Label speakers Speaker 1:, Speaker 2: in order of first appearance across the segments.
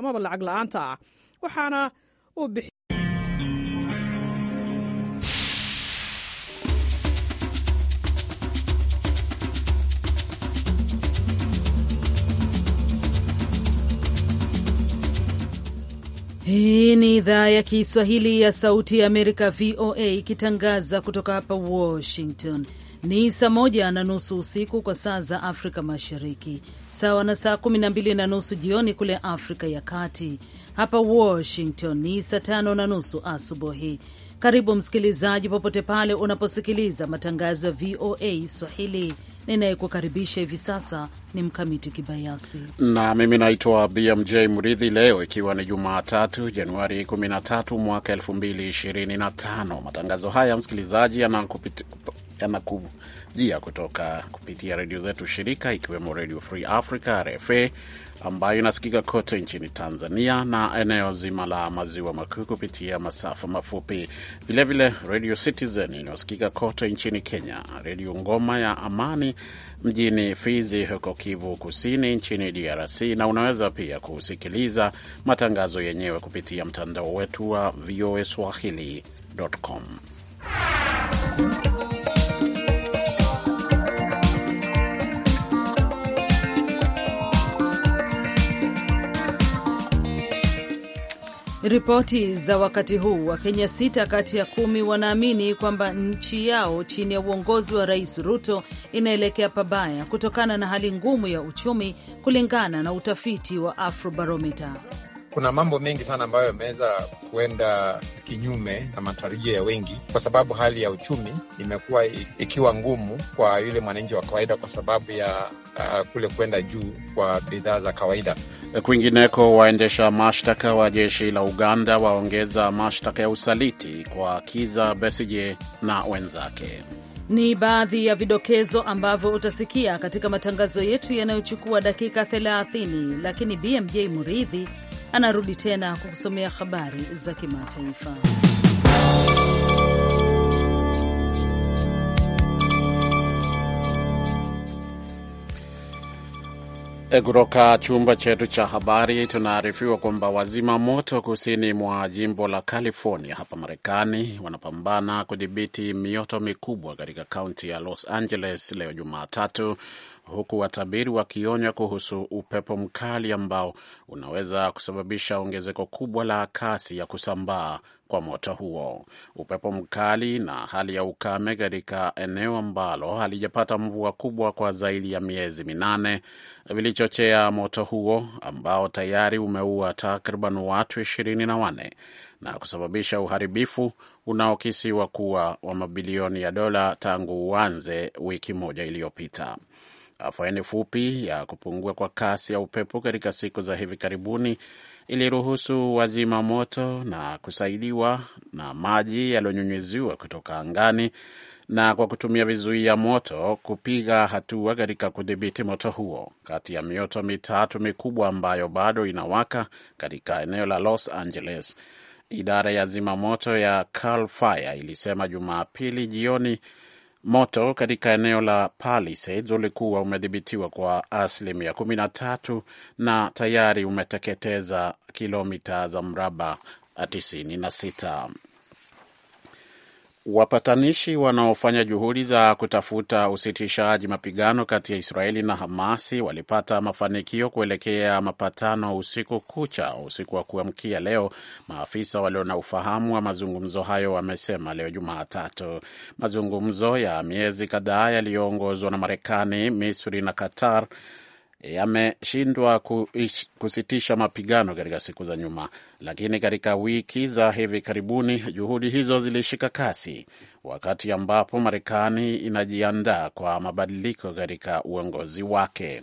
Speaker 1: amaba lacag la-aanta ah waxaana uu bixi
Speaker 2: Hii ni idhaa ya Kiswahili ya Sauti ya Amerika, VOA, ikitangaza kutoka hapa Washington. Ni saa moja na nusu usiku kwa saa za Afrika Mashariki, sawa na saa kumi na mbili na nusu jioni kule Afrika ya Kati. Hapa Washington ni saa tano na nusu asubuhi. Karibu msikilizaji, popote pale unaposikiliza matangazo ya VOA Swahili. Ninayekukaribisha hivi sasa ni Mkamiti Kibayasi
Speaker 3: na mimi naitwa BMJ Mridhi. Leo ikiwa ni Jumatatu, Januari 13 mwaka 2025, matangazo haya msikilizaji yanakujia kutoka kupitia redio zetu shirika, ikiwemo Redio Free Africa RFA ambayo inasikika kote nchini Tanzania na eneo zima la maziwa makuu kupitia masafa mafupi, vilevile Redio Citizen inayosikika kote nchini Kenya, Redio Ngoma ya Amani mjini Fizi huko Kivu Kusini nchini DRC, na unaweza pia kusikiliza matangazo yenyewe kupitia mtandao wetu wa voa swahili.com.
Speaker 2: Ripoti za wakati huu, Wakenya sita kati ya kumi wanaamini kwamba nchi yao chini ya uongozi wa Rais Ruto inaelekea pabaya kutokana na hali ngumu ya uchumi, kulingana na utafiti wa Afrobarometa
Speaker 4: kuna mambo mengi sana ambayo yameweza kuenda kinyume na matarajio ya wengi, kwa sababu hali ya uchumi imekuwa ikiwa ngumu kwa yule mwananchi wa kawaida, kwa sababu ya uh, kule kuenda juu kwa bidhaa za kawaida.
Speaker 3: Kwingineko, waendesha mashtaka wa jeshi la Uganda waongeza mashtaka ya usaliti kwa Kiza Besije na wenzake.
Speaker 2: Ni baadhi ya vidokezo ambavyo utasikia katika matangazo yetu yanayochukua dakika 30, lakini BMJ Muridhi anarudi tena kukusomea habari za kimataifa.
Speaker 3: E, kutoka chumba chetu cha habari tunaarifiwa kwamba wazima moto kusini mwa jimbo la California hapa Marekani wanapambana kudhibiti mioto mikubwa katika kaunti ya Los Angeles leo Jumatatu, huku watabiri wakionywa kuhusu upepo mkali ambao unaweza kusababisha ongezeko kubwa la kasi ya kusambaa kwa moto huo. Upepo mkali na hali ya ukame katika eneo ambalo halijapata mvua kubwa kwa zaidi ya miezi minane vilichochea moto huo ambao tayari umeua takriban watu ishirini na wanne na kusababisha uharibifu unaokisiwa kuwa wa mabilioni ya dola tangu uanze wiki moja iliyopita. Afueni fupi ya kupungua kwa kasi ya upepo katika siku za hivi karibuni iliruhusu wazima moto na kusaidiwa na maji yaliyonyunyiziwa kutoka angani na kwa kutumia vizuia moto kupiga hatua katika kudhibiti moto huo. Kati ya mioto mitatu mikubwa ambayo bado inawaka katika eneo la Los Angeles, idara ya zimamoto ya Cal Fire ilisema Jumapili jioni Moto katika eneo la Palisades ulikuwa umedhibitiwa kwa asilimia kumi na tatu na tayari umeteketeza kilomita za mraba sita Wapatanishi wanaofanya juhudi za kutafuta usitishaji mapigano kati ya Israeli na Hamasi walipata mafanikio kuelekea mapatano usiku kucha, usiku wa kuamkia leo, maafisa walio na ufahamu wa mazungumzo hayo wamesema leo Jumatatu. Mazungumzo ya miezi kadhaa yaliyoongozwa na Marekani, Misri na Qatar yameshindwa kusitisha mapigano katika siku za nyuma, lakini katika wiki za hivi karibuni juhudi hizo zilishika kasi, wakati ambapo Marekani inajiandaa kwa mabadiliko katika uongozi wake.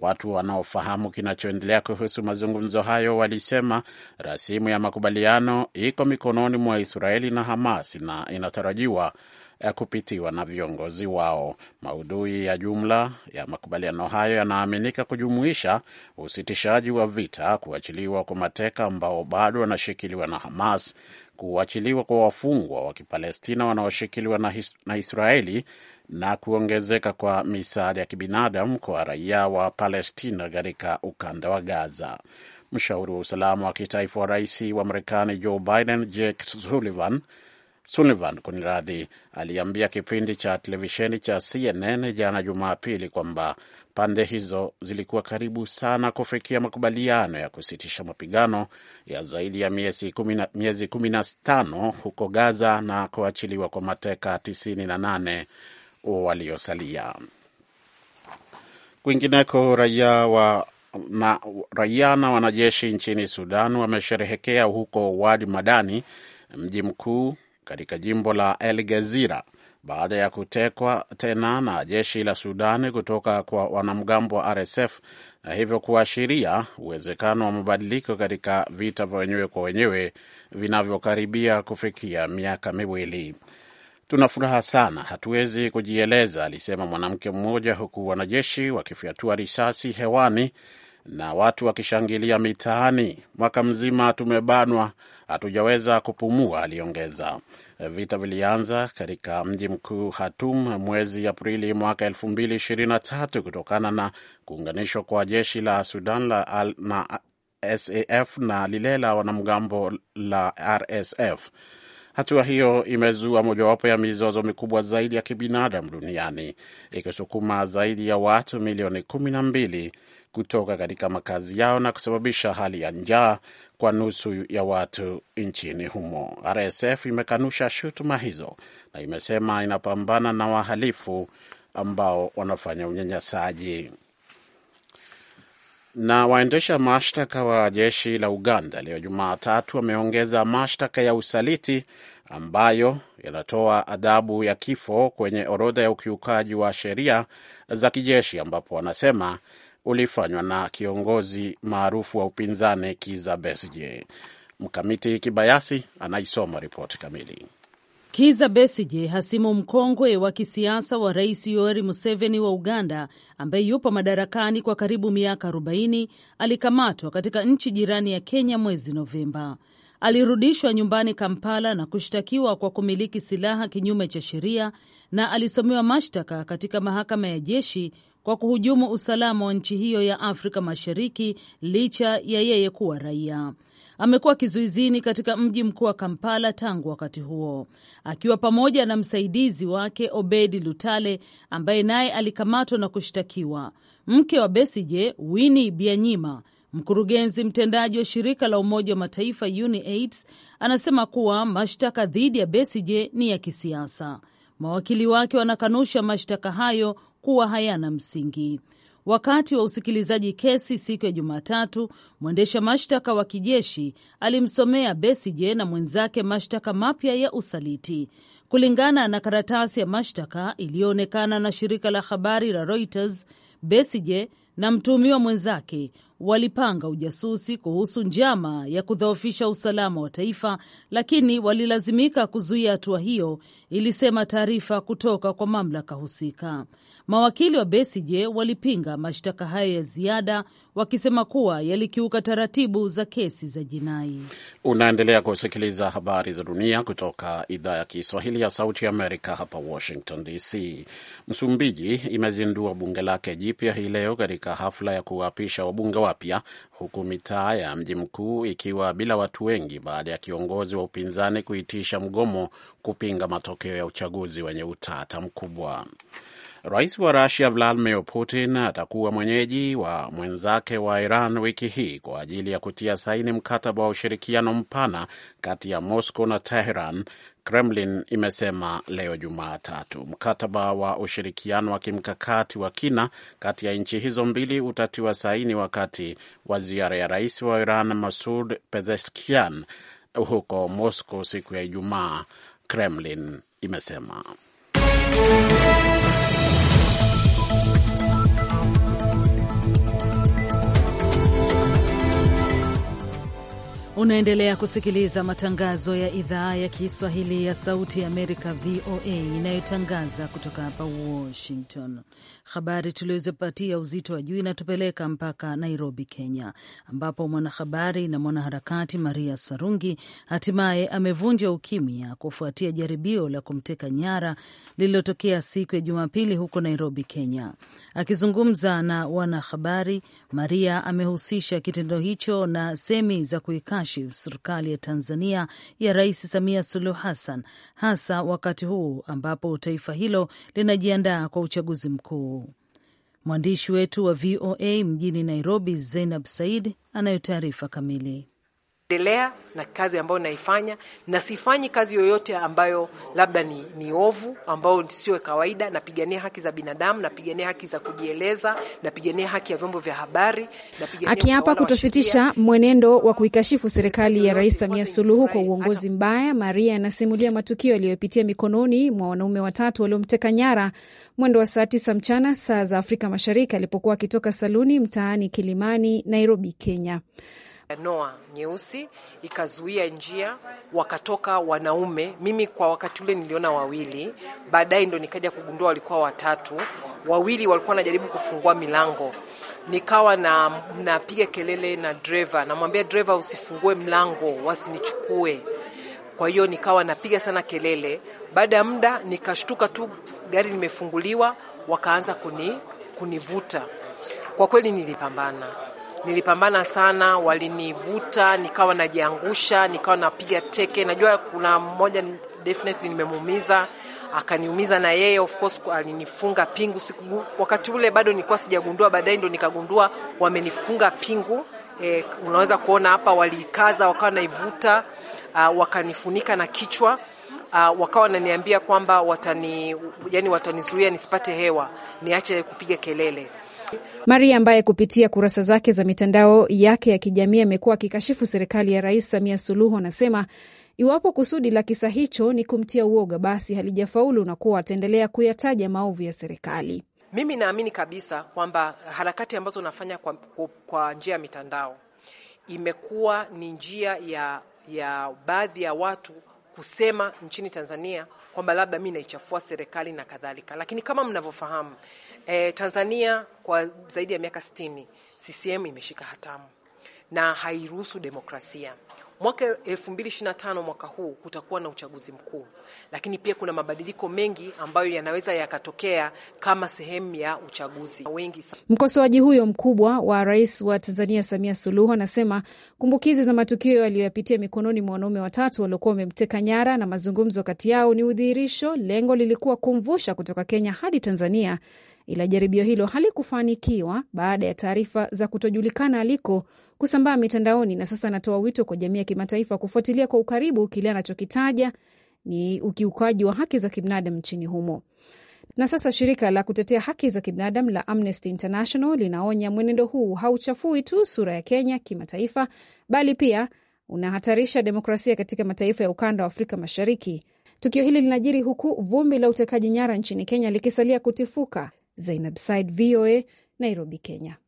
Speaker 3: Watu wanaofahamu kinachoendelea kuhusu mazungumzo hayo walisema rasimu ya makubaliano iko mikononi mwa Israeli na Hamas na inatarajiwa ya eh, kupitiwa na viongozi wao. Maudhui ya jumla ya makubaliano hayo yanaaminika kujumuisha usitishaji wa vita, kuachiliwa kwa mateka ambao bado wanashikiliwa na Hamas, kuachiliwa kwa wafungwa wa Kipalestina wanaoshikiliwa na, na Israeli na kuongezeka kwa misaada ya kibinadamu kwa raia wa Palestina katika ukanda wa Gaza. Mshauri wa usalama wa kitaifa wa rais wa Marekani Joe Biden, Jake Sullivan Sullivan kuniradhi, aliambia kipindi cha televisheni cha CNN jana Jumapili kwamba pande hizo zilikuwa karibu sana kufikia makubaliano ya kusitisha mapigano ya zaidi ya miezi kumi na tano huko Gaza na kuachiliwa kwa mateka 98 waliosalia. Kwingineko, raia wa na raia na wanajeshi nchini Sudan wamesherehekea huko Wad Madani, mji mkuu katika jimbo la El Gezira baada ya kutekwa tena na jeshi la Sudani kutoka kwa wanamgambo wa RSF na hivyo kuashiria uwezekano wa mabadiliko katika vita vya wenyewe kwa wenyewe vinavyokaribia kufikia miaka miwili. Tuna furaha sana, hatuwezi kujieleza, alisema mwanamke mmoja, huku wanajeshi wakifyatua risasi hewani na watu wakishangilia mitaani. Mwaka mzima tumebanwa Hatujaweza kupumua, aliongeza. Vita vilianza katika mji mkuu Khartoum mwezi Aprili mwaka 2023 kutokana na kuunganishwa kwa jeshi la Sudan la al na SAF na lile la wanamgambo la RSF. Hatua hiyo imezua mojawapo ya mizozo mikubwa zaidi ya kibinadamu duniani ikisukuma zaidi ya watu milioni kumi na mbili kutoka katika makazi yao na kusababisha hali ya njaa kwa nusu ya watu nchini humo. RSF imekanusha shutuma hizo na imesema inapambana na wahalifu ambao wanafanya unyanyasaji. Na waendesha mashtaka wa jeshi la Uganda leo Jumatatu wameongeza mashtaka ya usaliti ambayo yanatoa adhabu ya kifo kwenye orodha ya ukiukaji wa sheria za kijeshi ambapo wanasema ulifanywa na kiongozi maarufu wa upinzani Kiza Besije. Mkamiti Kibayasi anaisoma ripoti kamili.
Speaker 2: Kiza Besije, hasimu mkongwe wa kisiasa wa Rais Yoweri Museveni wa Uganda, ambaye yupo madarakani kwa karibu miaka 40, alikamatwa katika nchi jirani ya Kenya mwezi Novemba. Alirudishwa nyumbani Kampala na kushtakiwa kwa kumiliki silaha kinyume cha sheria na alisomewa mashtaka katika mahakama ya jeshi kwa kuhujumu usalama wa nchi hiyo ya Afrika Mashariki licha ya yeye kuwa raia. Amekuwa kizuizini katika mji mkuu wa Kampala tangu wakati huo akiwa pamoja na msaidizi wake Obedi Lutale ambaye naye alikamatwa na kushtakiwa. Mke wa Besije, Wini bianyima mkurugenzi mtendaji wa shirika la Umoja wa Mataifa UNAIDS, anasema kuwa mashtaka dhidi ya Besije ni ya kisiasa. Mawakili wake wanakanusha mashtaka hayo kuwa hayana msingi. Wakati wa usikilizaji kesi siku ya Jumatatu, mwendesha mashtaka wa kijeshi alimsomea besij na mwenzake mashtaka mapya ya usaliti. Kulingana na karatasi ya mashtaka iliyoonekana na shirika la habari la Reuters, besij na mtuhumiwa mwenzake walipanga ujasusi kuhusu njama ya kudhoofisha usalama wa taifa, lakini walilazimika kuzuia hatua hiyo, ilisema taarifa kutoka kwa mamlaka husika. Mawakili wa Besigye walipinga mashtaka hayo ya ziada wakisema kuwa yalikiuka taratibu za kesi za jinai.
Speaker 3: Unaendelea kusikiliza habari za dunia kutoka idhaa ya Kiswahili ya Sauti ya Amerika, hapa Washington DC. Msumbiji imezindua bunge lake jipya hii leo katika hafla ya kuwaapisha wabunge wapya, huku mitaa ya mji mkuu ikiwa bila watu wengi baada ya kiongozi wa upinzani kuitisha mgomo kupinga matokeo ya uchaguzi wenye utata mkubwa. Rais wa Rusia Vladimir Putin atakuwa mwenyeji wa mwenzake wa Iran wiki hii kwa ajili ya kutia saini mkataba wa ushirikiano mpana kati ya Moscow na Teheran, Kremlin imesema leo Jumatatu. Mkataba wa ushirikiano wa kimkakati wa kina kati ya nchi hizo mbili utatiwa saini wakati wa ziara ya rais wa Iran Masud Pezeshkian huko Moscow siku ya Ijumaa, Kremlin imesema.
Speaker 2: Unaendelea kusikiliza matangazo ya idhaa ya Kiswahili ya Sauti ya Amerika, VOA, inayotangaza kutoka hapa Washington. Habari tulizopatia uzito wa juu inatupeleka mpaka Nairobi, Kenya, ambapo mwanahabari na mwanaharakati Maria Sarungi hatimaye amevunja ukimya kufuatia jaribio la kumteka nyara lililotokea siku ya Jumapili huko Nairobi, Kenya. Akizungumza na wanahabari, Maria amehusisha kitendo hicho na semi za kuikasha kijeshi serikali ya Tanzania ya Rais Samia Suluhu Hassan, hasa wakati huu ambapo taifa hilo linajiandaa kwa uchaguzi mkuu. Mwandishi wetu wa VOA mjini Nairobi, Zainab Said, anayo taarifa kamili
Speaker 5: endelea na kazi ambayo naifanya na sifanyi kazi yoyote ambayo labda ni, ni ovu ambayo sio kawaida. Napigania haki za binadamu, napigania haki za kujieleza, napigania haki ya vyombo vya habari.
Speaker 6: Akiapa kutositisha mwenendo wa kuikashifu serikali ya Rais Samia Suluhu kwa uongozi mbaya, Maria anasimulia matukio yaliyopitia mikononi mwa wanaume watatu waliomteka nyara mwendo wa saa tisa mchana saa za Afrika Mashariki alipokuwa akitoka saluni mtaani Kilimani, Nairobi, Kenya
Speaker 5: noa nyeusi ikazuia njia, wakatoka wanaume. Mimi kwa wakati ule niliona wawili, baadaye ndo nikaja kugundua walikuwa watatu. Wawili walikuwa wanajaribu kufungua milango, nikawa na napiga kelele na dreva, namwambia dreva, usifungue mlango wasinichukue. Kwa hiyo nikawa napiga sana kelele. Baada ya muda nikashtuka tu, gari limefunguliwa, wakaanza kuni, kunivuta. Kwa kweli nilipambana nilipambana sana, walinivuta nikawa najiangusha, nikawa napiga teke. Najua kuna mmoja definitely nimemuumiza, akaniumiza na yeye, of course alinifunga pingu siku, wakati ule bado nilikuwa sijagundua, baadaye ndo nikagundua wamenifunga pingu. E, unaweza kuona hapa waliikaza, wakawa naivuta, uh, wakanifunika na kichwa uh, wakawa wananiambia kwamba watani, yani watanizuia nisipate hewa, niache kupiga kelele.
Speaker 6: Maria ambaye kupitia kurasa zake za mitandao yake ya kijamii amekuwa akikashifu serikali ya Rais Samia Suluhu anasema iwapo kusudi la kisa hicho ni kumtia uoga, basi halijafaulu na kuwa ataendelea kuyataja maovu ya serikali.
Speaker 5: Mimi naamini kabisa kwamba harakati ambazo unafanya kwa, kwa, kwa njia ya mitandao imekuwa ni njia ya, ya baadhi ya watu kusema nchini Tanzania kwamba labda mi naichafua serikali na kadhalika, lakini kama mnavyofahamu eh, Tanzania kwa zaidi ya miaka 60 CCM imeshika hatamu na hairuhusu demokrasia. Mwaka 2025 mwaka huu kutakuwa na uchaguzi mkuu, lakini pia kuna mabadiliko mengi ambayo yanaweza yakatokea kama sehemu ya uchaguzi wengi.
Speaker 6: Mkosoaji huyo mkubwa wa rais wa Tanzania Samia Suluhu anasema kumbukizi za matukio aliyoyapitia mikononi mwa wanaume watatu waliokuwa wamemteka nyara na mazungumzo kati yao ni udhihirisho, lengo lilikuwa kumvusha kutoka Kenya hadi Tanzania ila jaribio hilo halikufanikiwa baada ya taarifa za kutojulikana aliko kusambaa mitandaoni, na sasa anatoa wito kwa jamii ya kimataifa kufuatilia kwa ukaribu kile anachokitaja ni ukiukaji wa haki za kibinadamu nchini humo. Na sasa shirika la kutetea haki za kibinadamu la Amnesty International linaonya mwenendo huu hauchafui tu sura ya Kenya kimataifa, bali pia unahatarisha demokrasia katika mataifa ya ukanda wa Afrika Mashariki. Tukio hili linajiri huku vumbi la utekaji nyara nchini Kenya likisalia kutifuka Zainab Said, VOA, Nairobi, Kenya.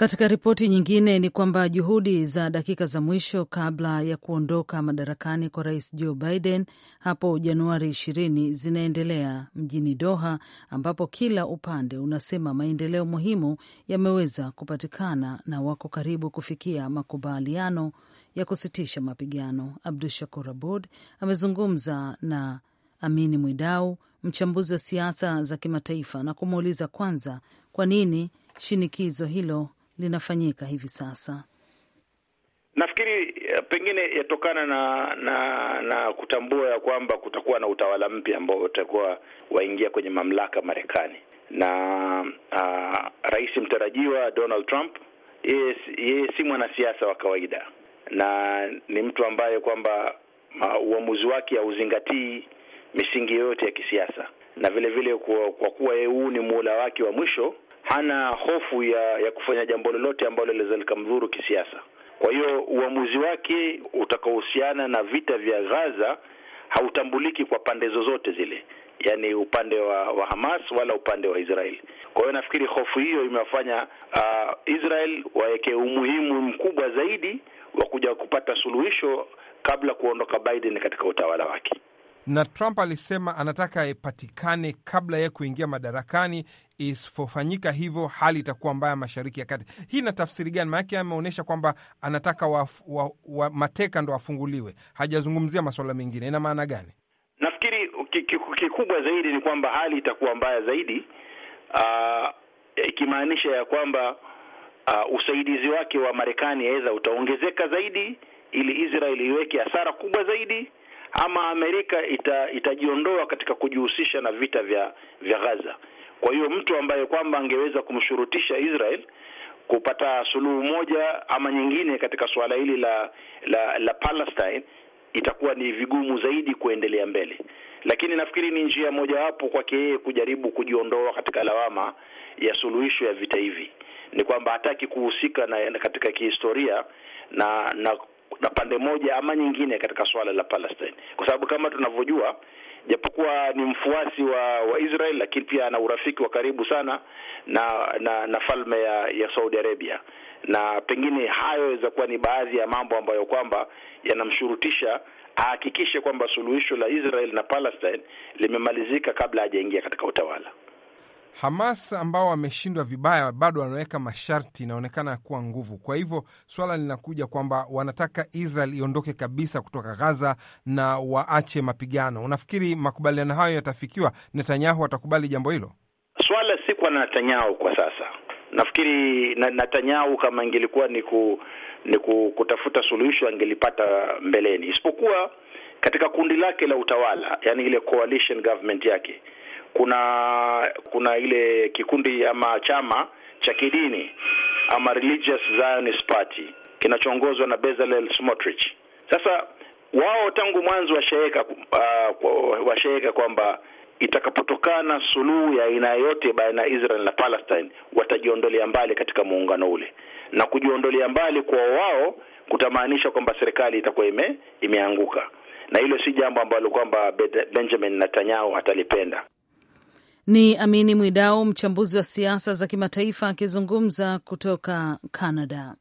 Speaker 2: Katika ripoti nyingine ni kwamba juhudi za dakika za mwisho kabla ya kuondoka madarakani kwa rais Joe Biden hapo Januari 20 zinaendelea mjini Doha, ambapo kila upande unasema maendeleo muhimu yameweza kupatikana na wako karibu kufikia makubaliano ya kusitisha mapigano. Abdu Shakur Abud amezungumza na Amini Mwidau, mchambuzi wa siasa za kimataifa, na kumuuliza kwanza kwa nini shinikizo hilo linafanyika hivi sasa?
Speaker 7: Nafikiri eh, pengine yatokana na na na kutambua ya kwamba kutakuwa na utawala mpya ambao utakuwa waingia kwenye mamlaka Marekani na uh, rais mtarajiwa Donald Trump yeye si mwanasiasa wa kawaida na ni mtu ambaye kwamba uamuzi wake hauzingatii misingi yoyote ya kisiasa, na vile vile kwa, kwa kuwa yeye huu ni muhula wake wa mwisho hana hofu ya ya kufanya jambo lolote ambalo linaweza likamdhuru kisiasa. Kwa hiyo uamuzi wake utakaohusiana na vita vya Gaza hautambuliki kwa pande zozote zile, yaani upande wa, wa Hamas wala upande wa Israeli. Kwa hiyo nafikiri hofu hiyo imewafanya uh, Israel waweke umuhimu mkubwa zaidi wa kuja kupata suluhisho kabla kuondoka Biden katika utawala wake
Speaker 4: na Trump alisema anataka ipatikane kabla ya kuingia madarakani. Isipofanyika hivyo, hali itakuwa mbaya mashariki ya kati. Hii ina tafsiri gani? Maanake ameonyesha kwamba anataka wa, wa, wa mateka ndo afunguliwe, hajazungumzia masuala mengine. Ina maana gani?
Speaker 7: Nafikiri kikubwa zaidi ni kwamba hali itakuwa mbaya zaidi, ah, ikimaanisha ya kwamba Uh, usaidizi wake wa Marekani aidha utaongezeka zaidi ili Israel iweke hasara kubwa zaidi ama Amerika ita, itajiondoa katika kujihusisha na vita vya vya Gaza. Kwa hiyo mtu ambaye kwamba angeweza kumshurutisha Israel kupata suluhu moja ama nyingine katika suala hili la, la la Palestine itakuwa ni vigumu zaidi kuendelea mbele, lakini nafikiri ni njia mojawapo kwake yeye kujaribu kujiondoa katika lawama ya suluhisho ya vita hivi, ni kwamba hataki kuhusika na katika kihistoria na na na pande moja ama nyingine katika swala la Palestine, kwa sababu kama tunavyojua, japokuwa ni mfuasi wa wa Israel, lakini pia ana urafiki wa karibu sana na na, na falme ya, ya Saudi Arabia, na pengine hayo yaweza kuwa ni baadhi ya mambo ambayo kwamba yanamshurutisha ahakikishe kwamba suluhisho la Israel na Palestine limemalizika kabla hajaingia katika utawala.
Speaker 4: Hamas ambao wameshindwa vibaya bado wanaweka masharti, inaonekana kuwa nguvu. Kwa hivyo swala linakuja kwamba wanataka Israel iondoke kabisa kutoka Gaza na waache mapigano. Unafikiri makubaliano hayo yatafikiwa? Netanyahu atakubali jambo hilo?
Speaker 7: Swala si kwa Netanyahu kwa sasa. Nafikiri Netanyahu kama ingelikuwa ni ku, ni ku, kutafuta suluhisho angelipata mbeleni, isipokuwa katika kundi lake la utawala, yani ile coalition government yake kuna kuna ile kikundi ama chama cha kidini ama Religious Zionist Party kinachoongozwa na Bezalel Smotrich. Sasa wao tangu mwanzo washeeka uh, washaeka kwamba itakapotokana suluhu ya aina yote baina ya Israel na Palestine watajiondolea mbali katika muungano ule, na kujiondolea mbali kwa wao kutamaanisha kwamba serikali itakuwa ime- imeanguka, na hilo si jambo ambalo kwamba Benjamin Netanyahu atalipenda.
Speaker 2: Ni Amini Mwidau, mchambuzi wa siasa za kimataifa akizungumza kutoka Canada.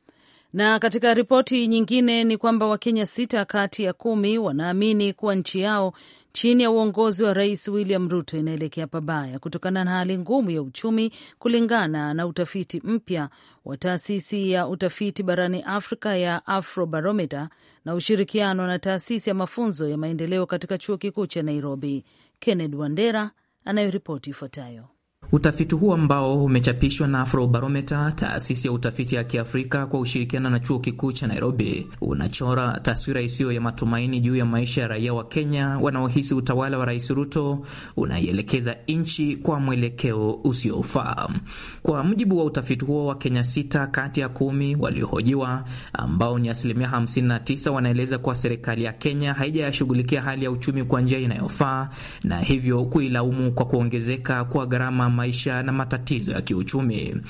Speaker 2: Na katika ripoti nyingine ni kwamba Wakenya sita kati ya kumi wanaamini kuwa nchi yao chini ya uongozi wa Rais William Ruto inaelekea pabaya kutokana na hali ngumu ya uchumi, kulingana na utafiti mpya wa taasisi ya utafiti barani Afrika ya Afrobarometer na ushirikiano na taasisi ya mafunzo ya maendeleo katika chuo kikuu cha Nairobi. Kenneth Wandera anayoripoti ifuatayo.
Speaker 8: Utafiti huu ambao umechapishwa na Afrobarometa, taasisi ya utafiti ya Kiafrika kwa ushirikiano na chuo kikuu cha Nairobi, unachora taswira isiyo ya matumaini juu ya maisha ya raia wa Kenya wanaohisi utawala wa Rais Ruto unaielekeza nchi kwa mwelekeo usiofaa. Kwa mujibu wa utafiti huo, Wakenya sita kati ya kumi waliohojiwa, ambao ni asilimia 59, wanaeleza kuwa serikali ya Kenya haijayashughulikia hali ya uchumi kwa njia inayofaa na hivyo kuilaumu kwa kuongezeka kwa gharama maisha na matatizo ya kiuchumi.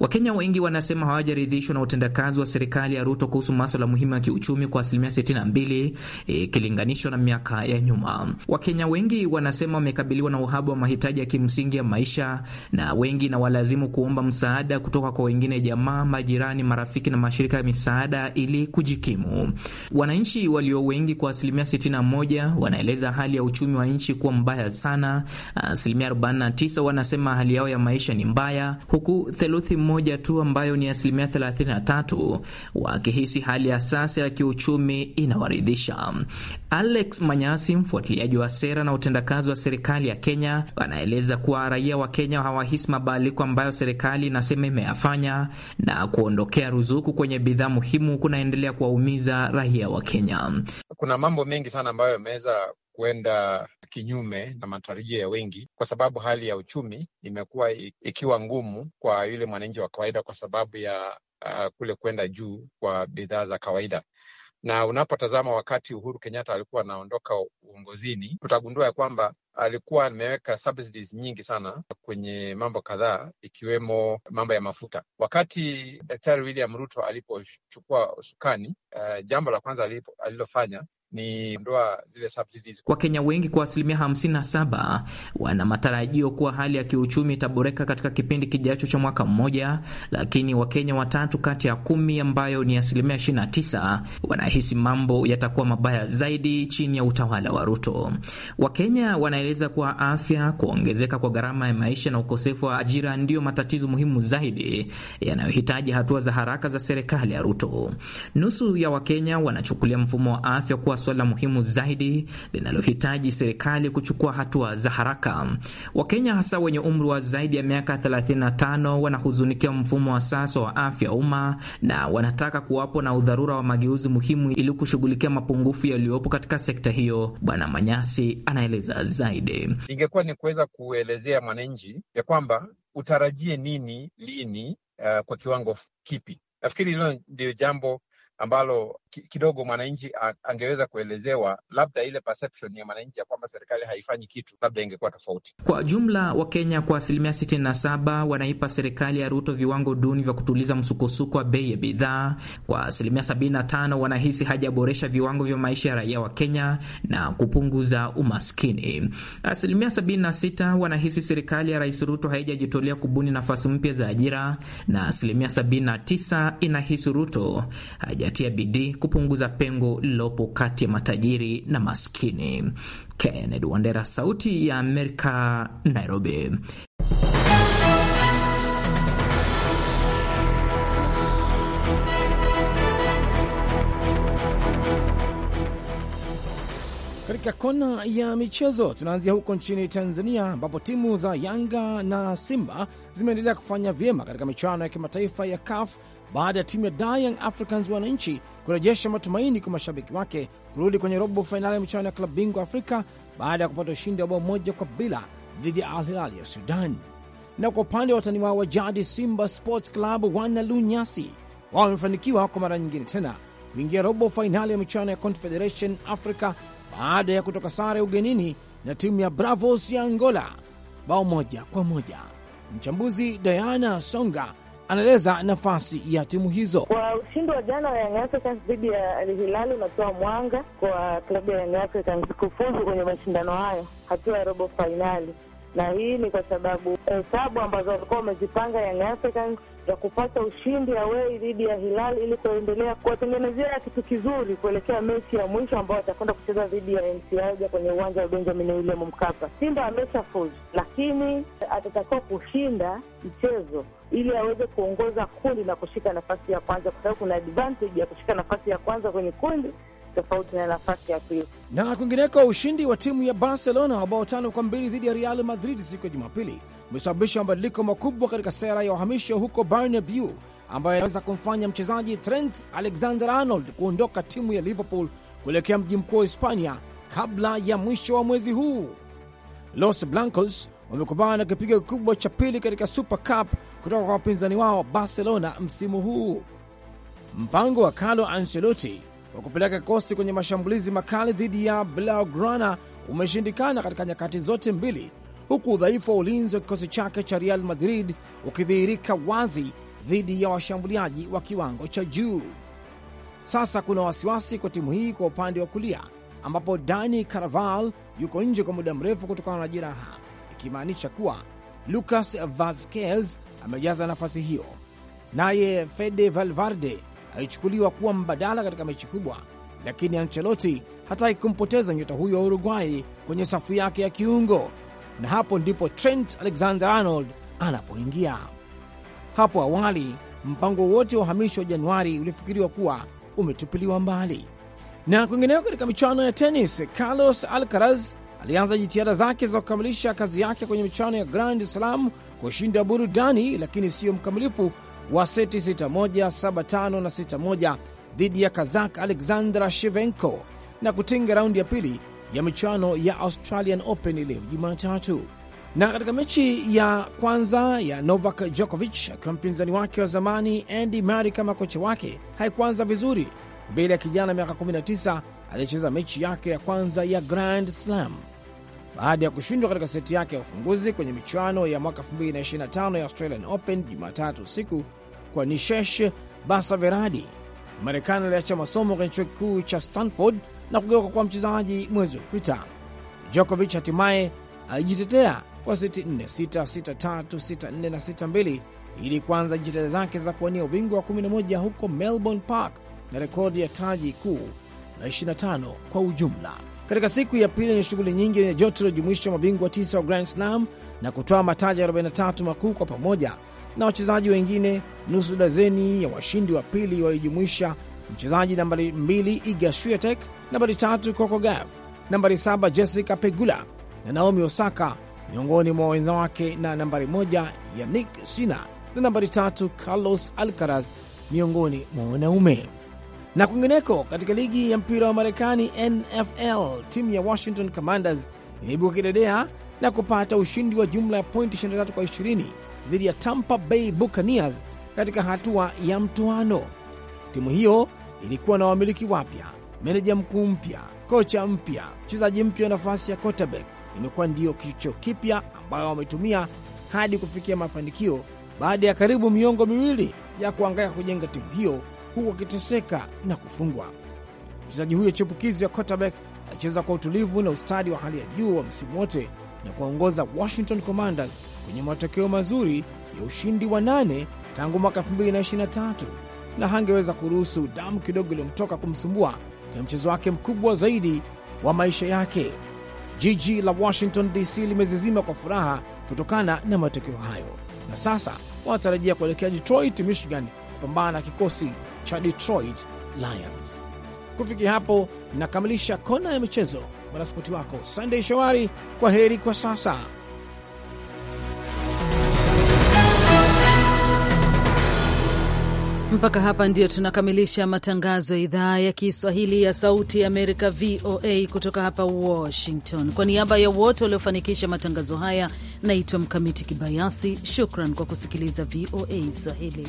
Speaker 8: Wakenya wengi wanasema hawajaridhishwa na utendakazi wa serikali ya Ruto kuhusu maswala muhimu ya kiuchumi kwa asilimia 62 e, ikilinganishwa e, na miaka ya nyuma. Wakenya wengi wanasema wamekabiliwa na uhaba wa mahitaji ya kimsingi ya maisha, na wengi na walazimu kuomba msaada kutoka kwa wengine, jamaa, majirani, marafiki na mashirika ya misaada ili kujikimu. Wananchi walio wengi kwa asilimia 61 wanaeleza hali ya uchumi wa nchi kuwa mbaya sana. Asilimia 49 wanasema hali yao ya maisha ni mbaya, huku theluthi moja tu ambayo ni asilimia 33 wakihisi hali ya sasa ya kiuchumi inawaridhisha. Alex Manyasi, mfuatiliaji wa sera na utendakazi wa serikali ya Kenya, anaeleza kuwa raia wa Kenya hawahisi mabadiliko ambayo serikali inasema imeyafanya na kuondokea ruzuku kwenye bidhaa muhimu kunaendelea kuwaumiza raia wa Kenya.
Speaker 4: Kuna mambo mengi sana ambayo yameweza kuenda kinyume na matarajio ya wengi, kwa sababu hali ya uchumi imekuwa ikiwa ngumu kwa yule mwananchi wa kawaida, kwa sababu ya uh, kule kwenda juu kwa bidhaa za kawaida na unapotazama wakati Uhuru Kenyatta alikuwa anaondoka uongozini, tutagundua ya kwamba alikuwa ameweka subsidies nyingi sana kwenye mambo kadhaa, ikiwemo mambo ya mafuta. Wakati Daktari William Ruto alipochukua usukani, uh, jambo la kwanza alilofanya ni ndoa zile subsidies.
Speaker 8: Wakenya wengi kwa asilimia 57 wana matarajio kuwa hali ya kiuchumi itaboreka katika kipindi kijacho cha mwaka mmoja, lakini Wakenya watatu kati ya kumi ambayo ni asilimia 29 wanahisi mambo yatakuwa mabaya zaidi chini ya utawala wa Ruto. Wakenya wanaeleza kuwa afya, kuongezeka kwa gharama ya maisha na ukosefu wa ajira ndiyo matatizo muhimu zaidi yanayohitaji hatua za haraka za serikali ya Ruto. Nusu ya Wakenya wanachukulia mfumo wa afya kuwa suala muhimu zaidi linalohitaji serikali kuchukua hatua za haraka. Wakenya hasa wenye umri wa zaidi ya miaka 35 wanahuzunikia mfumo wa sasa wa afya umma na wanataka kuwapo na udharura wa mageuzi muhimu ili kushughulikia mapungufu yaliyopo katika sekta hiyo. Bwana Manyasi anaeleza zaidi. Ingekuwa ni
Speaker 4: kuweza kuelezea mwananchi ya kwamba utarajie nini lini, uh, kwa kiwango kipi. Nafikiri hilo ndio jambo ambalo kidogo mwananchi angeweza kuelezewa, labda ile perception ya mwananchi ya kwamba serikali haifanyi kitu labda ingekuwa tofauti.
Speaker 6: Kwa
Speaker 8: jumla, Wakenya kwa asilimia 67 wanaipa serikali ya Ruto viwango duni vya kutuliza msukosuko wa bei ya bidhaa. Kwa asilimia 75 wanahisi hajaboresha viwango vya maisha ya raia wa Kenya na kupunguza umaskini. Asilimia 76 wanahisi serikali ya Rais Ruto haijajitolea kubuni nafasi mpya za ajira, na asilimia 79 inahisi Ruto hajatia bidii kupunguza pengo lililopo kati ya matajiri na maskini. Kennedy Wandera, Sauti ya Amerika, Nairobi.
Speaker 1: Katika kona ya michezo tunaanzia huko nchini Tanzania, ambapo timu za Yanga na Simba zimeendelea kufanya vyema katika michuano ya kimataifa ya CAF baada ya timu ya Dar Young Africans wananchi kurejesha matumaini kwa mashabiki wake kurudi kwenye robo fainali ya michuano ya klabu bingwa Afrika baada ya kupata ushindi wa bao moja kwa bila dhidi ya Al Hilal ya Sudan. Na kwa upande wa watani wao wa jadi Simba Sports Club wanalu nyasi, wao wamefanikiwa kwa mara nyingine tena kuingia robo fainali ya michuano ya Confederation Africa baada ya kutoka sare ugenini na timu ya Bravos ya Angola bao moja kwa moja. Mchambuzi Diana Songa anaeleza nafasi ya timu hizo. Kwa
Speaker 2: ushindi wa jana wa Young Africans dhidi ya Al Hilal unatoa mwanga kwa klabu ya Young Africans kufuzu kwenye mashindano hayo hatua ya robo fainali, na hii ni kwa sababu hesabu ambazo walikuwa wamezipanga Young Africans za kupata ushindi awei dhidi ya Hilal ili kuendelea kuwatengenezea kitu kizuri kuelekea mechi ya mwisho ambayo watakwenda kucheza dhidi ya MC Alger kwenye uwanja wa Benjamin William Mkapa. Simba ameshafuzu, lakini atatakiwa kushinda mchezo ili aweze kuongoza kundi na kushika nafasi ya kwanza, kwa sababu kuna advantage ya kushika nafasi ya kwanza kwenye kundi tofauti na nafasi ya pili.
Speaker 1: Na kwingineko, ushindi wa timu ya Barcelona wa bao tano kwa mbili dhidi ya Real Madrid siku ya Jumapili umesababisha mabadiliko makubwa katika sera ya uhamisho huko Bernabeu, ambayo inaweza kumfanya mchezaji Trent Alexander Arnold kuondoka timu ya Liverpool kuelekea mji mkuu wa Hispania kabla ya mwisho wa mwezi huu. Los Blancos wamekumbana na kipigo kikubwa cha pili katika Super Cup kutoka kwa wapinzani wao Barcelona msimu huu. Mpango wa Carlo Ancelotti wa kupeleka kikosi kwenye mashambulizi makali dhidi ya Blaugrana umeshindikana katika nyakati zote mbili, huku udhaifu wa ulinzi wa kikosi chake cha Real Madrid ukidhihirika wazi dhidi ya washambuliaji wa kiwango cha juu. Sasa kuna wasiwasi kwa timu hii kwa upande wa kulia, ambapo Dani Carvajal yuko nje kwa muda mrefu kutokana na jeraha, ikimaanisha kuwa Lucas Vazquez amejaza nafasi hiyo, naye Fede Valverde alichukuliwa kuwa mbadala katika mechi kubwa, lakini Ancelotti hataki kumpoteza nyota huyo wa Uruguay kwenye safu yake ya kiungo, na hapo ndipo Trent Alexander-Arnold anapoingia. Hapo awali mpango wote wa uhamisho wa Januari ulifikiriwa kuwa umetupiliwa mbali. Na kwingineko, katika michuano ya tenis, Carlos Alcaraz alianza jitihada zake za kukamilisha kazi yake kwenye michuano ya Grand Slam kwa ushindi wa burudani, lakini siyo mkamilifu wa seti 6 na 61 dhidi ya Kazak Alexandra shevenko na kutinga raundi ya pili ya michuano ya Australian Open leo Jumatatu. Na katika mechi ya kwanza ya Novak Djokovic akiwa mpinzani wake wa zamani Andy Murray kama kocha wake haikuanza vizuri mbele ya kijana miaka 19 aliyecheza mechi yake ya kwanza ya Grand Slam baada ya kushindwa katika seti yake ya ufunguzi kwenye michuano ya mwaka 2025 ya Australian Open Jumatatu usiku kwa Nishesh Basaveradi. Marekani aliacha masomo kwenye chuo kikuu cha Stanford na kugeuka kwa mchezaji mwezi uliopita. Djokovic hatimaye alijitetea kwa seti 4 6 6 3 6 4 na 6 2 ili kuanza jitihada zake za kuwania ubingwa wa 11 huko Melbourne Park na rekodi ya taji kuu na 25 kwa ujumla. Katika siku ya pili yenye shughuli nyingi yenye joto lilojumuisha mabingwa tisa wa Grand Slam na kutoa mataji 43 makuu kwa pamoja na wachezaji wengine nusu dazeni ya washindi wa pili waliojumuisha mchezaji nambari 2 Iga Swiatek, nambari tatu Coco Gauff, nambari saba Jessica Pegula na Naomi Osaka miongoni mwa wenza wake na nambari moja Yannick Sinner na nambari tatu Carlos Alcaraz miongoni mwa wanaume. Na kwingineko katika ligi ya mpira wa Marekani, NFL, timu ya Washington Commanders imeibuka kidedea na kupata ushindi wa jumla ya pointi 23 kwa 20 dhidi ya Tampa Bay Buccaneers katika hatua ya mtoano. Timu hiyo ilikuwa na wamiliki wapya, meneja mkuu mpya, kocha mpya, mchezaji mpya wa nafasi ya quarterback, imekuwa ndiyo kichocheo kipya ambayo wametumia hadi kufikia mafanikio baada ya karibu miongo miwili ya kuangaika kujenga timu hiyo huku akiteseka na kufungwa. Mchezaji huyo chipukizi ya quarterback alicheza kwa utulivu na ustadi wa hali ya juu wa msimu wote na kuwaongoza Washington Commanders kwenye matokeo mazuri ya ushindi wa nane tangu mwaka 2023 na hangeweza kuruhusu damu kidogo iliyomtoka kumsumbua kwenye mchezo wake mkubwa zaidi wa maisha yake. Jiji la Washington DC limezizima kwa furaha kutokana na matokeo hayo, na sasa wanatarajia kuelekea Detroit, Michigan kupambana na kikosi cha Detroit Lions. Kufikia hapo nakamilisha kona ya michezo. Mwanaspoti wako Sandey Shomari, kwa heri kwa sasa.
Speaker 2: Mpaka hapa ndio tunakamilisha matangazo ya idhaa ya Kiswahili ya Sauti ya Amerika, VOA, kutoka hapa Washington. Kwa niaba ya wote waliofanikisha matangazo haya, naitwa Mkamiti Kibayasi. Shukran kwa kusikiliza VOA Swahili.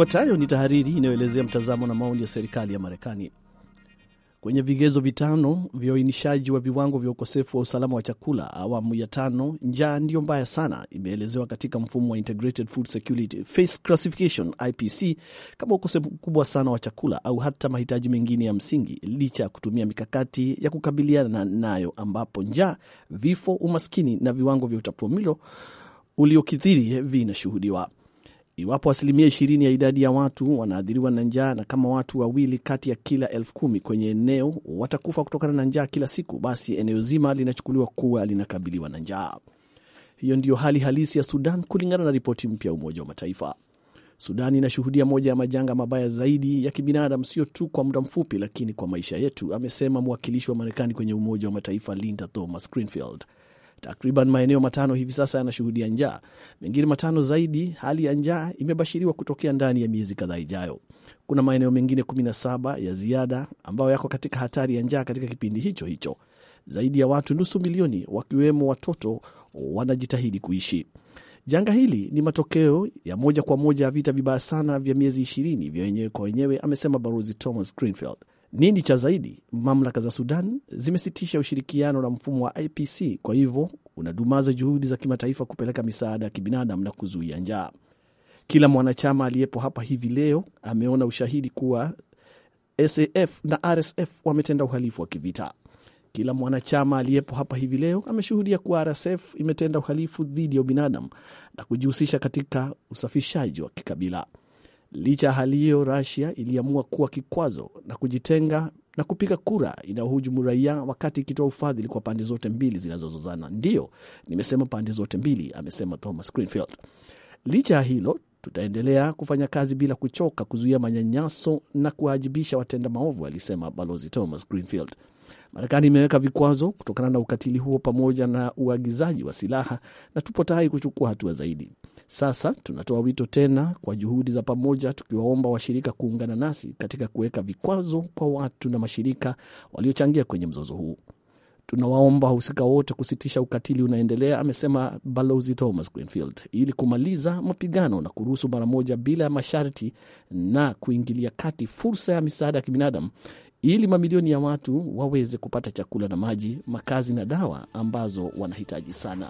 Speaker 9: Ifuatayo ni tahariri inayoelezea mtazamo na maoni ya serikali ya Marekani. Kwenye vigezo vitano vya uainishaji wa viwango vya ukosefu wa usalama wa chakula awamu ya tano, njaa ndiyo mbaya sana imeelezewa katika mfumo wa Integrated Food Security Phase Classification IPC kama ukosefu mkubwa sana wa chakula au hata mahitaji mengine ya msingi, licha ya kutumia mikakati ya kukabiliana nayo, ambapo njaa, vifo, umaskini na viwango vya utapiamlo uliokithiri vinashuhudiwa. Iwapo asilimia ishirini ya idadi ya watu wanaathiriwa na njaa na kama watu wawili kati ya kila elfu kumi kwenye eneo watakufa kutokana na njaa kila siku, basi eneo zima linachukuliwa kuwa linakabiliwa na njaa. Hiyo ndiyo hali halisi ya Sudan kulingana na ripoti mpya ya Umoja wa Mataifa. Sudan inashuhudia moja ya majanga mabaya zaidi ya kibinadamu, sio tu kwa muda mfupi, lakini kwa maisha yetu, amesema mwakilishi wa Marekani kwenye Umoja wa Mataifa Linda Thomas Greenfield. Takriban maeneo matano hivi sasa yanashuhudia njaa, mengine matano zaidi. Hali ya njaa imebashiriwa kutokea ndani ya miezi kadhaa ijayo. Kuna maeneo mengine 17 ya ziada ambayo yako katika hatari ya njaa katika kipindi hicho hicho. Zaidi ya watu nusu milioni, wakiwemo watoto, wanajitahidi kuishi. Janga hili ni matokeo ya moja kwa moja ya vita vibaya sana vya miezi ishirini vya wenyewe kwa wenyewe, amesema Balozi Thomas Greenfield. Nini cha zaidi, mamlaka za Sudan zimesitisha ushirikiano na mfumo wa IPC, kwa hivyo unadumaza juhudi za kimataifa kupeleka misaada ya kibinadamu na kuzuia njaa. Kila mwanachama aliyepo hapa hivi leo ameona ushahidi kuwa SAF na RSF wametenda uhalifu wa kivita. Kila mwanachama aliyepo hapa hivi leo ameshuhudia kuwa RSF imetenda uhalifu dhidi ya ubinadamu na kujihusisha katika usafishaji wa kikabila. Licha ya hali hiyo, rasia iliamua kuwa kikwazo na kujitenga na kupiga kura inayohujumu raia wakati ikitoa ufadhili kwa pande zote mbili zinazozozana. Ndiyo, nimesema pande zote mbili, amesema Thomas Greenfield. Licha ya hilo, tutaendelea kufanya kazi bila kuchoka kuzuia manyanyaso na kuwaajibisha watenda maovu, alisema Balozi Thomas Greenfield. Marekani imeweka vikwazo kutokana na ukatili huo pamoja na uagizaji wa silaha na tupo tayari kuchukua hatua zaidi. Sasa tunatoa wito tena kwa juhudi za pamoja, tukiwaomba washirika kuungana nasi katika kuweka vikwazo kwa watu na mashirika waliochangia kwenye mzozo huu. Tunawaomba wahusika wote kusitisha ukatili unaendelea, amesema Balozi Thomas Greenfield, ili kumaliza mapigano na kuruhusu mara moja bila ya masharti na kuingilia kati fursa ya misaada ya kibinadamu ili mamilioni ya watu waweze kupata chakula na maji, makazi na dawa ambazo wanahitaji sana.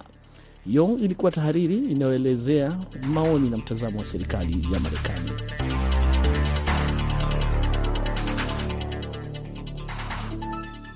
Speaker 9: Hiyo ilikuwa tahariri inayoelezea maoni na mtazamo wa serikali ya Marekani.